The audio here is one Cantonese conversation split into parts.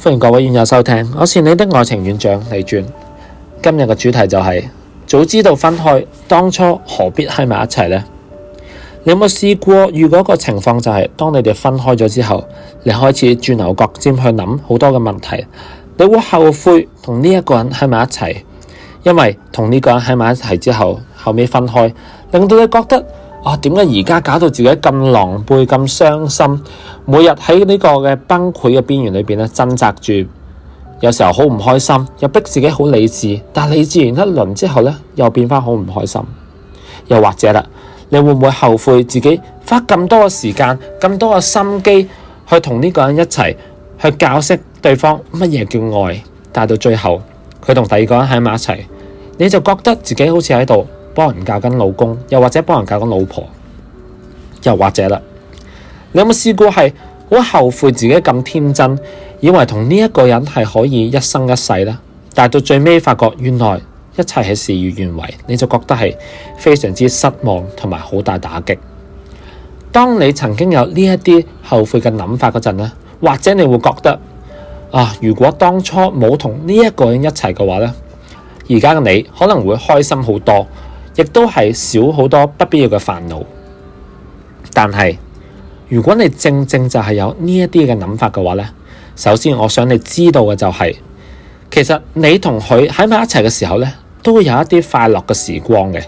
歡迎各位院友收聽，我是你的愛情院長李專。今日嘅主題就係、是、早知道分開，當初何必喺埋一齊呢？你有冇試過？如果一個情況就係、是，當你哋分開咗之後，你開始轉牛角尖去諗好多嘅問題，你會後悔同呢一個人喺埋一齊，因為同呢個人喺埋一齊之後，後尾分開，令到你覺得。哇！點解而家搞到自己咁狼狽、咁傷心，每日喺呢個嘅崩潰嘅邊緣裏邊咧掙扎住，有時候好唔開心，又逼自己好理智，但理智完一輪之後咧，又變翻好唔開心。又或者啦，你會唔會後悔自己花咁多嘅時間、咁多嘅心機去同呢個人一齊去教識對方乜嘢叫愛，但係到最後佢同第二個人喺埋一齊，你就覺得自己好似喺度。幫人教緊老公，又或者幫人教緊老婆，又或者啦，你有冇試過係好後悔自己咁天真，以為同呢一個人係可以一生一世咧？但係到最尾發覺，原來一切係事與願違，你就覺得係非常之失望，同埋好大打擊。當你曾經有呢一啲後悔嘅諗法嗰陣咧，或者你會覺得啊，如果當初冇同呢一個人一齊嘅話咧，而家嘅你可能會開心好多。亦都係少好多不必要嘅煩惱，但係如果你正正就係有呢一啲嘅諗法嘅話呢，首先我想你知道嘅就係，其實你同佢喺埋一齊嘅時候呢，都會有一啲快樂嘅時光嘅。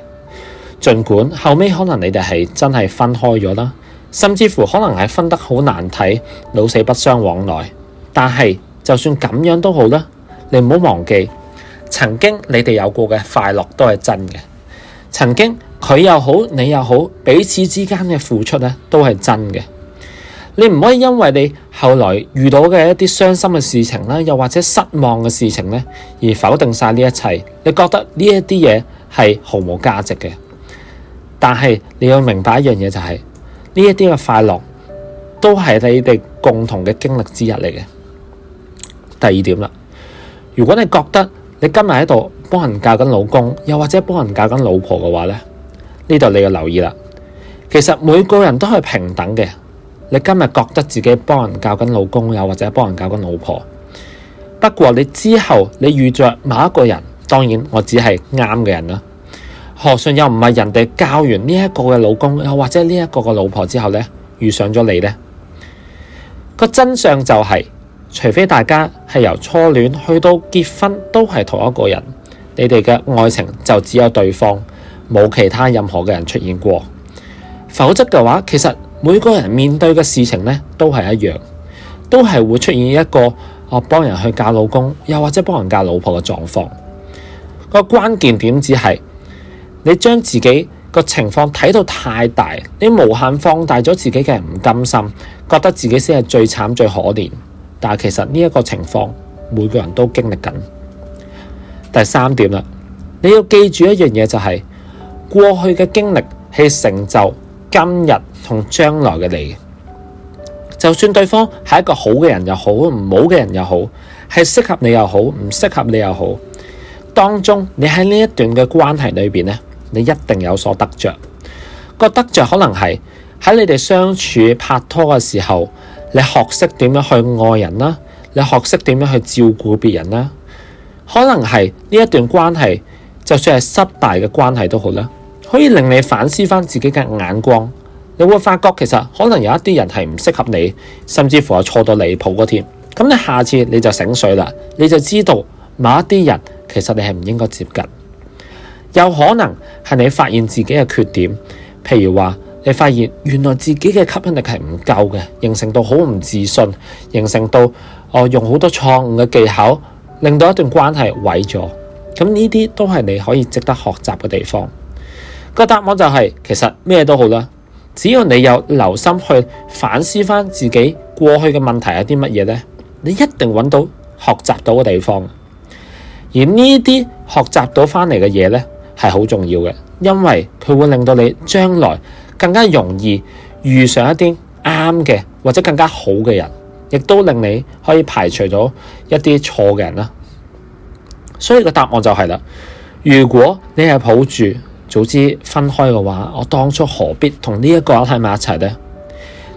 盡管後尾可能你哋係真係分開咗啦，甚至乎可能係分得好難睇，老死不相往來。但係就算咁樣都好啦，你唔好忘記曾經你哋有過嘅快樂都係真嘅。曾經，佢又好，你又好，彼此之間嘅付出咧都係真嘅。你唔可以因為你後來遇到嘅一啲傷心嘅事情啦，又或者失望嘅事情咧，而否定晒呢一切。你覺得呢一啲嘢係毫無價值嘅，但係你要明白一樣嘢就係呢一啲嘅快樂，都係你哋共同嘅經歷之一嚟嘅。第二點啦，如果你覺得你今日喺度。幫人教緊老公，又或者幫人教緊老婆嘅話呢，呢度你要留意啦。其實每個人都係平等嘅。你今日覺得自己幫人教緊老公，又或者幫人教緊老婆，不過你之後你遇着某一個人，當然我只係啱嘅人啦。何嘗又唔係人哋教完呢一個嘅老公，又或者呢一個嘅老婆之後呢，遇上咗你呢？個真相就係、是，除非大家係由初戀去到結婚都係同一個人。你哋嘅愛情就只有對方，冇其他任何嘅人出現過。否則嘅話，其實每個人面對嘅事情呢，都係一樣，都係會出現一個我、哦、幫人去嫁老公，又或者幫人嫁老婆嘅狀況。個關鍵點只係你將自己個情況睇到太大，你無限放大咗自己嘅唔甘心，覺得自己先係最慘，最可憐。但係其實呢一個情況，每個人都經歷緊。第三點啦，你要記住一樣嘢就係過去嘅經歷係成就今日同將來嘅你。就算對方係一個好嘅人又好，唔好嘅人又好，係適合你又好，唔適合你又好，當中你喺呢一段嘅關係裏邊咧，你一定有所得着。個得着可能係喺你哋相處拍拖嘅時候，你學識點樣去愛人啦，你學識點樣去照顧別人啦。可能係呢一段關係，就算係失敗嘅關係都好啦，可以令你反思翻自己嘅眼光。你會發覺其實可能有一啲人係唔適合你，甚至乎係錯到離譜添。咁你下次你就醒水啦，你就知道某一啲人其實你係唔應該接近。有可能係你發現自己嘅缺點，譬如話你發現原來自己嘅吸引力係唔夠嘅，形成到好唔自信，形成到我、呃、用好多錯誤嘅技巧。令到一段關係毀咗，咁呢啲都係你可以值得學習嘅地方。個答案就係、是，其實咩都好啦，只要你有留心去反思翻自己過去嘅問題係啲乜嘢呢？你一定揾到學習到嘅地方。而呢啲學習到翻嚟嘅嘢呢，係好重要嘅，因為佢會令到你將來更加容易遇上一啲啱嘅或者更加好嘅人。亦都令你可以排除咗一啲錯嘅人啦，所以個答案就係啦。如果你係抱住早知分開嘅話，我當初何必同呢一個人喺埋一齊呢？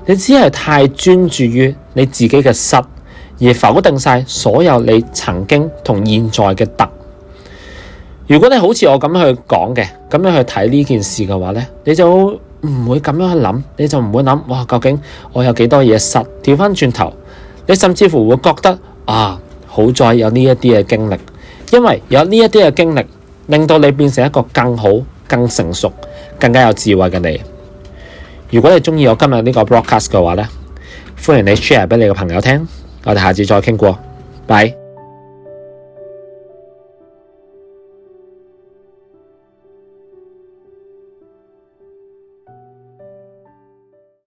你只係太專注於你自己嘅失，而否定晒所有你曾經同現在嘅得。如果你好似我咁樣去講嘅，咁樣去睇呢件事嘅話咧，你就。唔會咁樣去諗，你就唔會諗，哇！究竟我有幾多嘢失？調翻轉頭，你甚至乎會覺得啊，好在有呢一啲嘅經歷，因為有呢一啲嘅經歷，令到你變成一個更好、更成熟、更加有智慧嘅你。如果你中意我今日呢個 broadcast 嘅話呢，歡迎你 share 俾你嘅朋友聽。我哋下次再傾過，拜拜。